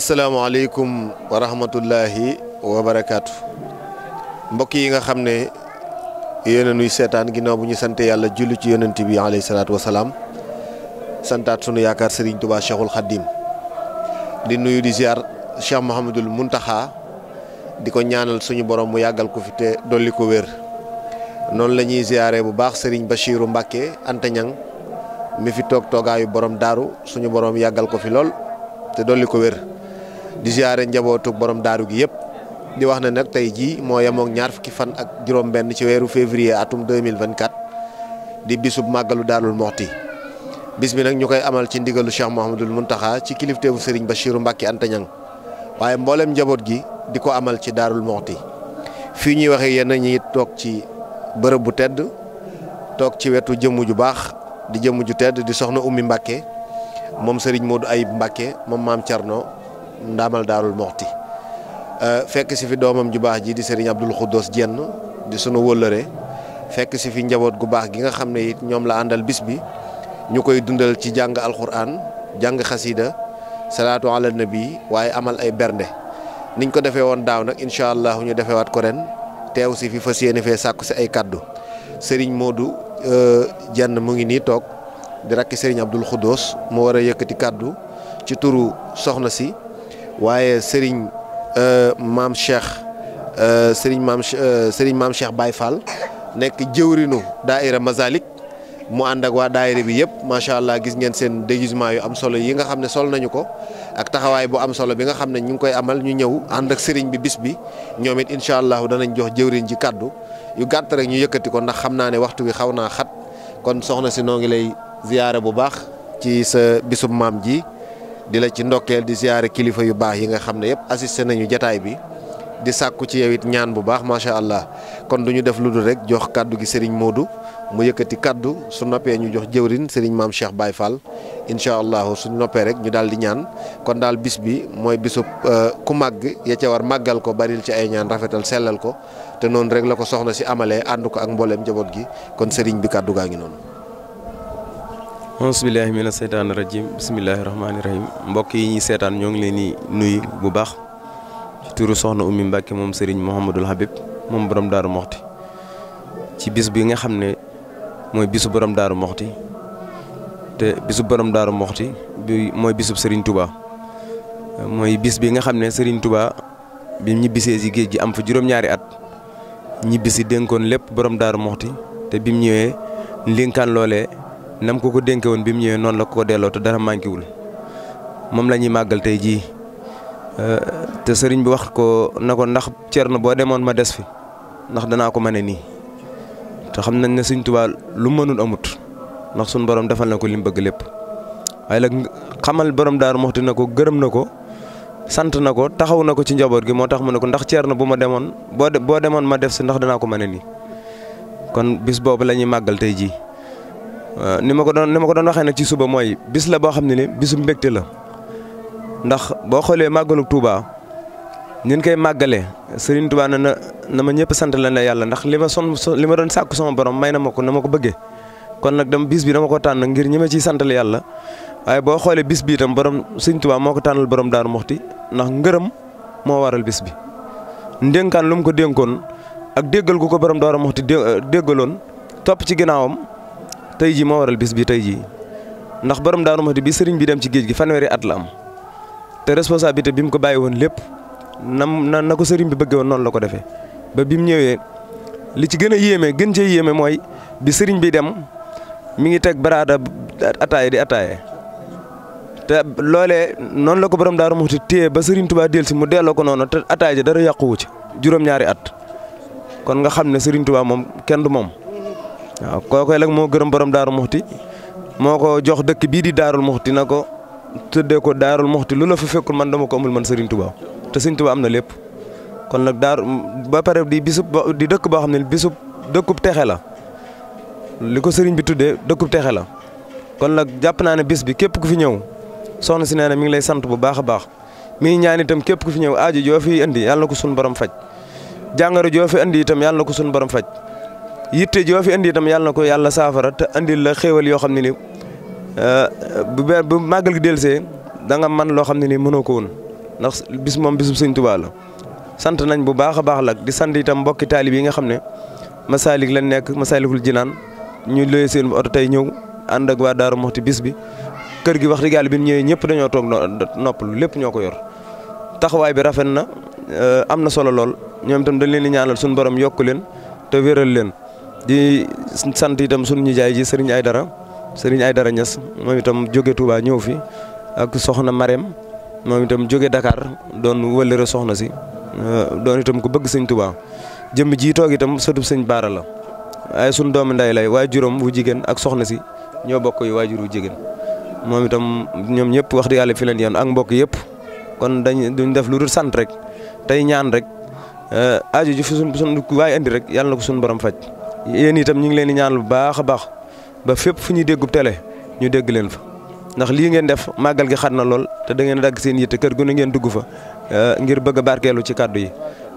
asalaamaaleykum wa rahmatullahi wa mbokk yi nga xam ne yéen a nuy seetaan ginnaaw bu ñu sante yàlla julli ci yonent bi alayhi salaatu wa salaam santaat sunu yaakaar Serigne Touba Cheikhul Khadim di nuyu di ziar Cheikh Mouhamadul Muntaxa di ko ñaanal suñu borom mu yàggal ko fi te dolli ko wér noonu la ñuy ziare bu baax sëriñ ba Mbacke Anta Ñang mi fi toog toogaayu borom daaru suñu borom yàggal ko fi lool te dolli ko wér. di ziaré njabootu borom daru gi yépp di wax nak tay ji mo yam ak ñaar fukki fan ak juroom benn ci wéru février atum 2024 di bisub magalu darul mohti bis bi nak ñukay amal ci ndigalu Cheikh Mouhamadul Mountakha ci kilifteefu Serigne Bachirou Mbacke antagnang waye mbollem njabot gi di amal ci darul mohti fi ñi waxee yéen ñi tok ci bërepp bu tedd tok ci wetu jëmm ju bax di jëmm ju tedd di soxna ummi mbacké mom Serigne Modou Ayib mbacké mom mam tiarno darul daarul euh fekk ci fi domam ju bax ji di serigne Abdul Xuddoos Jenn di sunu wolere fekk ci fi njabot gu bax gi nga xamne it ñom la andal bis bi ñukoy dundal ci jang alxuraan jang khasida salatu ala nabi waye amal ay bernde niñ ko defé won daw nak inshallah allah defé wat ko ren tew ci fi fasiyene fe sakku ci ay kaddu serigne Modou Jenn euh, mu ngi ni tok di rakki serigne Abdul Xuddoos mo wara yëkëti kaddu ci turu soxna si. waaye sëriñ euh, maam Cheikh sëriñ maam sëriñ maam Cheikh Baye Fall nekk jëwrinu daaira Masalik mu ànd ak waa daaira bi yëpp macha allah gis ngeen seen déguisement yu am solo yi nga xam ne sol nañu ko ak taxawaay bu am solo bi nga xam ne ñu ngi koy amal ñu ñëw ànd ak sëriñ bi bis bi ñoom it incha allahu danañ jox jëwriñ ji kàddu yu gàtt rek ñu yëkkati ko ndax xam naa ne waxtu wi xaw naa xat kon soxna si noo ngi lay ziyaare bu baax ci sa bisub maam ji. di la ci ndokkeel di ziyaare kilifa yu baax yi nga xam ne yëpp assisté nañu jataay bi di sàkku ci yow it ñaan bu baax macha allah kon du ñu def lu dul rek jox kàddu gi Serigne Modou mu yëkkati kàddu su noppee ñu jox jëwrin Serigne maam Cheikh Baye Fall incha allah suñu noppee rek ñu daal di ñaan kon daal bis bi mooy bisu euh, ku màgg ya ca war màggal ko baril ci ay ñaan rafetal sellal ko te noonu rek la ko soxna si amalee ànd ko ak mbooleem njaboot gi kon Serigne bi kàddu gaa ngi noonu. auzu billaahi mina seytaani rajiim bismillaahi rahmaani rahiim mbokk yi ñuy seetaan ñoo ngi leen di nuyu bu baax ci turu soxna Oumy Mbacke moom Serigne Mouhamadul Habib moom borom Daaru Moxti ci bis bi nga xam ne mooy bisu borom Daaru Moxti te bisu borom Daaru Moxti bi mooy bisub Serigne Touba mooy bis bi nga xam ne sëriñ tubaa bi ñibbisee si géej gi am fa juróom-ñaari at ñibbisi dénkoon lépp borom Daaru Moxti te bim ñëwee ndénkaan loolee. nam ko ko dénke woon bi mu ñëwee noonu ko ko delloo te dara manqué wul moom la ñuy màggal tey jii euh, te sëriñ bi wax ko na ko ndax Cerno boo demoon ma des fi ndax danaa ko mane nii te xam nañ ne Sëriñ Tuubaa lu mënul amut ndax suñ borom defal na ko li bëgg lépp waaye nag xamal borom daaru moxti na ko gërëm na ko sant na ko taxaw na ko ci njaboot gi moo tax mu ne ko ndax Cerno bu ma demoon boo boo demoon ma def si ndax danaa ko mane nii kon bis boobu la ñuy màggal tey jii. Euh, ni ma ko don ni ko ci suba moy bis la bo xamni ni bisu mbekté la ndax bo xolé màggalu Touba ñin kay magalé Serigne Touba na na ma ñëpp la yalla ndax lima son lima don sakku sama borom mayna na ma ko na kon nak dem bis bi dama ko tan ngir ñima ci ciy la yalla waye bo xolé bis bi tam borom Serigne Touba moko ko borom Daaru Muxti ndax mo waral bis bi ndenkan lum ko denkon ak deggal gu ko borom Daaru Muxti deggalon euh, top ci ginaawam tey jii moo waral bis bi tey jii ndax borom Daaru Muxti bi sëriñ bi dem ci géej gi fanweeri at la am te responsabilité bi mu ko bàyyi woon lépp nam na na ko sëriñ bi bëggee woon noonu la ko defee ba bi mu ñëwee li ci gën a yéeme gën cee yéeme mooy bi sëriñ bi dem mi ngi teg baraada ataaye di ataaye te loolee la ko borom Daaru Muxti téye ba sëriñ Tuubaa dellusi mu delloo ko noonu te ataaye ji dara yàquwu ci juróom-ñaari at kon nga xam ne sëriñ tubaa moom kenn du moom. waaw kooku nag moo gërëm borom Daaru Muxti moo ko jox dëkk bii di Daarul Muxti na ko tëddee ko Daarul Muxti lu la fa fekkul man dama ko amul man Serigne Touba te Serigne Touba am na lépp kon nag daar ba pare di bisub di dëkk boo xam ne bisub dëkkub texe la li ko Serigne bi tuddee dëkkub texe la kon nag jàpp naa ne bis bi képp ku fi ñëw soxna si nee na mi ngi lay sant bu baax a baax mi ñaan itam képp ku fi ñëw aajo joo fi indi yàlla na ko sunu borom faj jàngaro joo fi indi itam yàlla na ko sunu borom faj. yitte jo fi andi tam yalla nako ko safara saafara te andil la xewal yo xamni ni euh bu magal gi delse da nga man lo xamni ni mënoko won ndax bis mom bisub seigne touba la sant nañ bu baakha a baax lak di sant itam mbokki talib yi nga xamne Masalik la nek Masalikul jinan ñu looy seen auto tay ñew and ak wa daru muhti bis bi kër gi wax rigal bi ñëwee ñëpp dañu tok noppalu lépp ñoo yor taxaway bi rafet na euh, solo lol ñom tam dañ leen di ñaanal suñu borom yokk leen te wëral leen di sant itam ñi jaay ji sëriñ ay dara sëriñ ay dara Niass moom itam jóge Touba ñëw fi ak soxna Marème moom itam jóge dakaar doon wëllëre soxna si euh, doon itam ku bëgg sëñ Touba jëmm ji toog itam sëtub sëñ Baara la sunu doomi nday lay juróom jigéen ak soxna si ñoo bokk yi waajur wu jigéen moom itam ñoom ñëpp wax dëgg yàlla fi leen yéen ak mbokk yëpp kon dañ duñ def lu dul sant rek tey ñaan rek euh, aajo ju fi suñ suñ waaye andi rek yàlla na ko suñu borom faj yéen itam ñu ngi leen di ñaan lu baax a baax ba fépp fu ñuy déggub tele ñu dégg leen fa ndax lii ngeen def màggal gi xan na lool te da ngeen dagg seen yitte kër gu ne ngeen dugg fa eh, ngir bëgg a barkeelu ci kàddu yi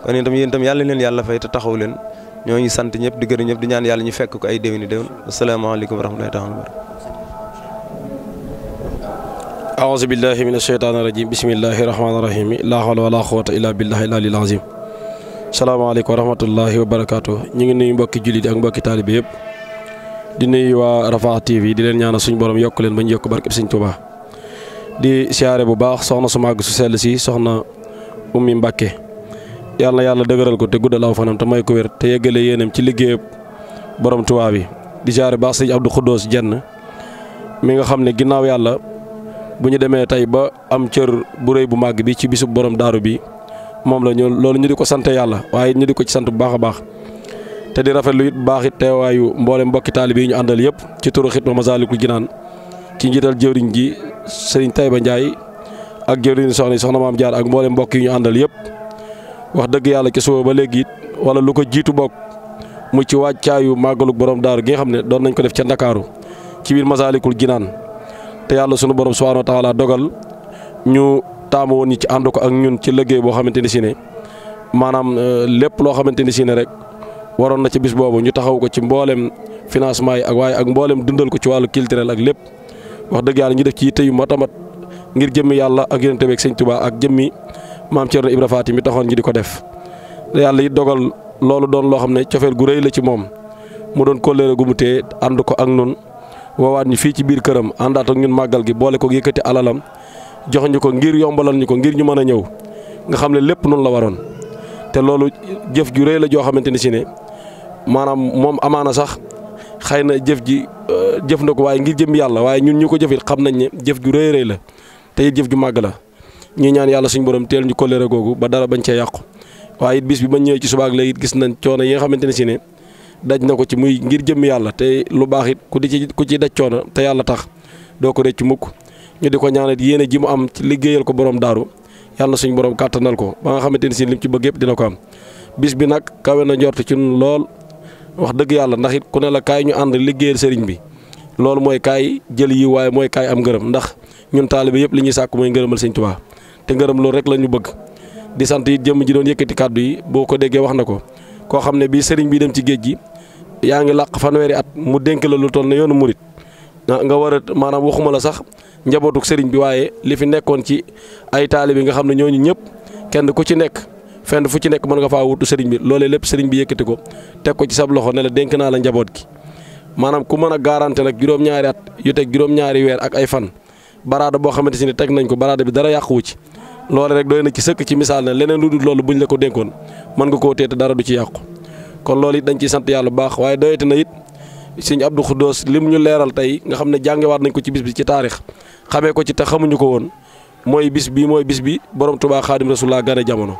kon itam yéen itam yàlla leen yàlla fay te taxaw leen ñoo ngi sant ñëpp di gërëm ñëpp di ñaan yàlla ñu fekk ko ay déwéni déwén asalaamaaleykum wa rahmatulahi taala wa barakatu aouzu billahi min asheytaani rajim salaamaaleykum wa rahmatullahi wa barakaatu ñu ngi nuyu mbokki jullit ak mbokki taalibe yëpp di nuyu waa Rafah TV di leen ñaanal suñu borom yokk leen ba ñu yokk barkeb Sëñ Tuubaa di siyaare bu baax soxna su màgg su sell si soxna Ummi Mbàkke yàlla na yàlla dëgëral ko te guddal aw fanam te may ko wér te yeggale yéenam ci liggéeyam borom Tuubaa bi di siyaare baax sëñ Abdou Khoudous jenn mi nga xam ne ginnaaw yàlla bu ñu demee tey ba am cër bu rëy bu màgg bi ci bisub borom daaru bi moom la ñu loolu ñu di ko sant yàlla waaye ñu di ko ci sant bu baax a baax te di rafetlu it bu baax it teewaayu mboolem mbokki taalib yi ñu àndal yëpp ci turu xitma Masaalikul Jinaan ci njiital jëwriñ ji sëriñ Tayba Ndiaye ak jëwriñ soxna soxna maam jaar ak mboole mbokk yi ñu àndal yëpp wax dëgg yàlla ci suba ba léegi it wala lu ko jiitu bokk mu ci wàccaayu màggalug borom daaru gi xam ne doon nañ ko def ca ndakaaru ci biir Masaalikul Jinaan te yàlla sunu taamu woon ñi ci ànd ko ak ñun ci liggéey boo xamante ni si ne maanaam euh, lépp loo xamante ni si ne rek waroon na ci bis boobu ñu taxaw ko ci mbooleem financement yi ak waaye ak mbooleem dundal ko ci wàllu culturel ak lépp wax dëgg yàlla ñu def ci yitte yu mat ngir jëmmi yàlla ak yonent bi ak sëñ Tuubaa ak jëmmi maam Thierno Ibra Faati mi taxoon ñu di ko def yàlla yi dogal loolu doon loo xam ne cofeel gu rëy la ci moom mu doon kóllëre gu mu ànd ko ak nun woowaat ñu fii ci biir këram àndaat ak ñun màggal gi boole ko yëkkati alalam jox ñu ko ngir yombalal ñu ko ngir ñu mën a ñëw nga xam ne lépp noonu la waroon te loolu jëf ju rëy la joo xamante ni si ne maanaam moom amaana sax xëy na jëf ji euh, jëf na ko waaye ngir jëm yàlla waaye ñun ñu ko jëfit xam nañ ne jëf ju rëy rëy la te it jëf ju màgg la ñuy ñaan yàlla suñu borom teel ñu kolleere googu ba dara bañ cee yàqu waaye it bis bi bañ ñëwee ci subaak léegi gis nañ coono yi xamante ne si ne daj na ko ci muy ngir jëm yàlla te lu baax it ku di ci ku ci daj coono te yàlla tax doo ko rëcc mukk ñu di ko ñaanal yéene ji mu am ci liggéeyal ko borom daaru yàlla na suñu borom kàttanal ko ba nga xamante ni si lim ci bëgg yëpp dina ko am bis bi nag kawe na njort ci ñun lool wax dëgg yàlla ndax it ku ne la kaay ñu ànd liggéeyal sëriñ bi loolu mooy kaay jël yi waaye mooy kaay am ngërëm ndax ñun taalibe yëpp li ñuy sàkk mooy ngërëmal sëñ Tuubaa te ngërëm loolu rek la ñu bëgg di sant yi jëmm ji doon yëkkati kàddu yi boo ko déggee wax na ko koo xam ne bii sëriñ bi dem ci géej gi yaa ngi làq fanweeri at mu dénk la lu toll ne yoonu murit nga war a maanaam waxuma la sax njabootuk sëriñ bi waaye li fi nekkoon ci ay taalibe nga xam ne ñooñu ñëpp kenn ku ci nekk fenn fu ci nekk mën nga faa wutu sëriñ bi loole lépp sëriñ bi yëkkati ko teg ko ci sab loxo ne la dénk naa la njaboot gi maanaam ku mën a garanté nag juróom-ñaari at yu teg juróom-ñaari weer ak ay fan baraada boo xamante si ne teg nañ ko baraada bi dara yàquwu ci loole rek doy na ci sëkk ci misaal ne leneen lu dul loolu bu buñ la ko dénkoon mën nga koo téete dara du ci yàqu sëñ Abdou li mu ñu leeral tey nga xam ne jàngewaat nañ ko ci bis bi ci taarix xamee ko ci te xamuñu ko woon mooy bis bi mooy bis bi borom Touba Xaadim laa gane jamono.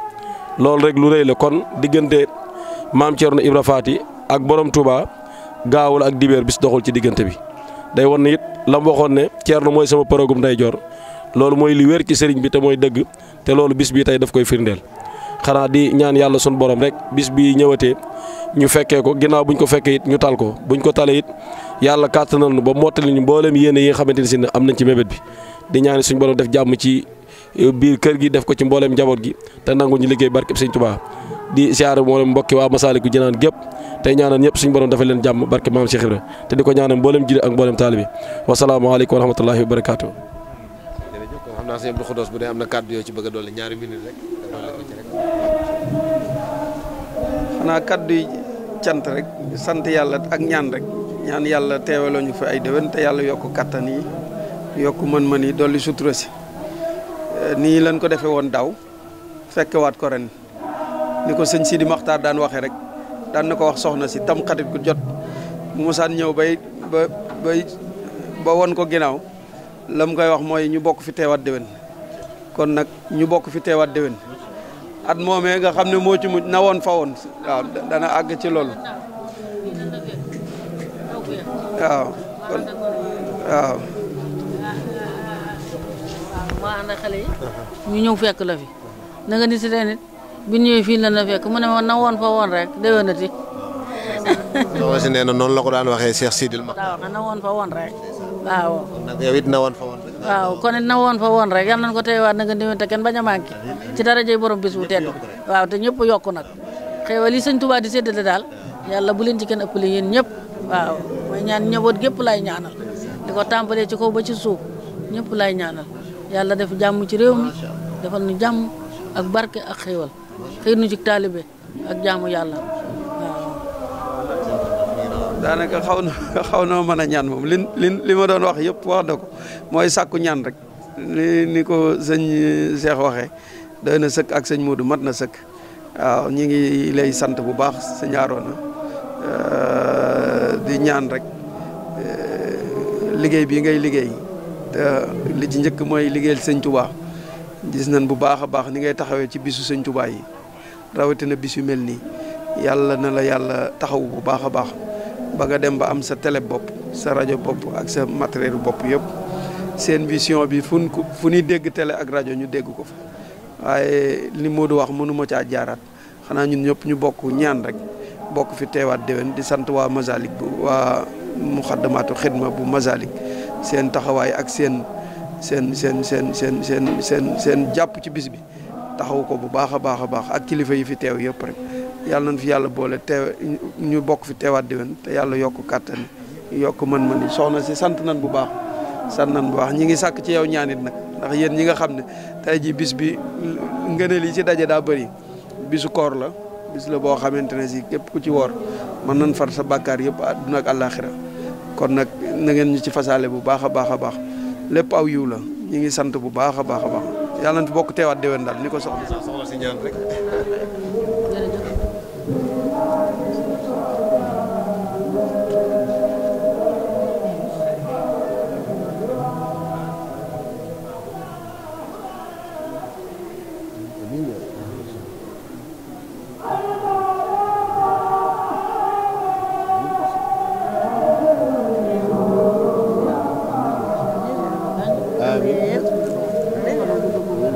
loolu rek lu rëy la kon diggante maam na Ibra Faati ak borom Touba gaawul ak dibeer bis doxul ci diggante bi day won ne it la mu waxoon ne Thierno mooy sama përëgum ndeyjoor loolu mooy li wér ci sëriñ bi te mooy dëgg te loolu bis bi tey daf koy firndeel. xanaa di ñaan yàlla sunu borom rek bis bi ñëwatee ñu fekkee ko ginnaaw buñ ko fekkee it ñu tal ko bu buñ ko talee it yàlla kàttanal nu ba mottali ñu mboolem yéene yi nga xamante ne si ne am na ci mébét bi di ñaan suñu borom def jàmm ci eh, biir kër gi def ko ci mboolem njaboot gi te nangu ñu liggéey barkeb Sëñ Tuubaa di siyaare mboolem mbokki waa Masaalikul Jinaan gépp tey ñaanal ñëpp suñu borom dafa leen jàmm barke maam Cheikh Ibra te di ko ñaanal mboolem jullit ak mboolem taalibe wasalaamaaleykum wa rahmatullahi wa barakaatu. yoo ci bëgg a dolli ñaari minute xanaa kaddu yi cant rek sant yàlla ak ñaan rek ñaan yàlla teewaloo ñu fi ay déwén te yàlla yokk kattan yi yokk mën-mën yi dolli sutura si eh, nii lañ ko defee woon daw fekkewaat ko ren ni ko sëñ si di Maxtaar daan waxee rek daan na ko wax soxna si tam xarit gu jot musaan ñëw bay ba bay ba won ko ginnaaw la mu koy wax mooy ñu bokk fi teewaat déwén kon nag ñu bokk fi teewaat déwén at moomee nga xam ne moo ci mujj na woon fa woon dana àgg ci loolu waaw kon ñu ñëw fekk la fi. na nga si ren it ñëwee fii la na fekk mu ne na woon fa woon rek déwénati. na noonu la ko daan waxee Cheikh Sidil ma. na woon fa woon rek waaw. nag waaw kon na woon fa woon rek yal nañu ko teewaat na nga déwén te kenn bañ a manqué ci darajey borom bis bu tedd waaw te ñëpp yokk nag xéewal yi sëñ Tuubaa di séddale daal yàlla bu leen ci kenn ëppale yéen ñëpp waaw mooy ñaan ñëwoot gépp laay ñaanal di ko tàmbalee ci kaw ba ci suuf ñëpp laay ñaanal yàlla def jàmm ci réew mi defal nu jàmm ak barke ak xéewal xëy nu ci taalibe ak jaamu yàlla daanaka xaw na xaw mën a ñaan moom li li ma doon wax yëpp wax na ko mooy sàkku ñaan rek ni ni ko sëñ eh, Cheikh waxee doy na sëkk ak sëñ Modou mat na sëkk waaw ñu ngi lay sant bu baax sëñ Arona eh, di ñaan rek eh, liggéey bi ngay liggéey te li ci njëkk mooy liggéey sëñ Touba gis nan bu baax a baax ni ngay taxawee ci bisu sëñ Touba yi rawatina bis yu mel nii yàlla na la yàlla taxaw bu baax a baax. ba nga dem ba am sa tele bopp sa rajo bopp ak sa matériel bopp yëpp seen vision bi fu ko fu ñuy dégg tele ak rajo ñu dégg ko fa waaye li Modou wax mënuma caa jaaraat xanaa ñun ñëpp ñu bokk ñaan rek bokk fi teewaat déwén di sant waa Masalik bu waa muxaddamaatu xidma bu Masalik seen taxawaay ak seen seen seen seen seen seen seen seen jàpp ci bis bi taxaw ko bu baax a baax a baax ak kilifa yi fi teew yëpp rek yalla nañ fi yalla boole té ñu bokk fi teewaat déwén te yàlla yokk kàttan yokk man man yi soxna ci sant nañ bu baax sant nañ bu baax ñi ngi sak ci yow ñaanit nak ndax yeen ñi nga xam tay ji bis bi ngëneel yi ci dajé da bari bisu koor la bis la bo xamante ci si képp ku ci wor man nañ far sa bakkar yépp àdduna ak alakhirah kon nak na ngeen ñu ci fasalé bu baaxa baaxa baax a lépp aw yiw la ñi ngi sant bu baaxa baaxa baax yalla baax yàlla nañ fi bokk teewaat déwén daal ni ko soxla. soxla si ñaan rek.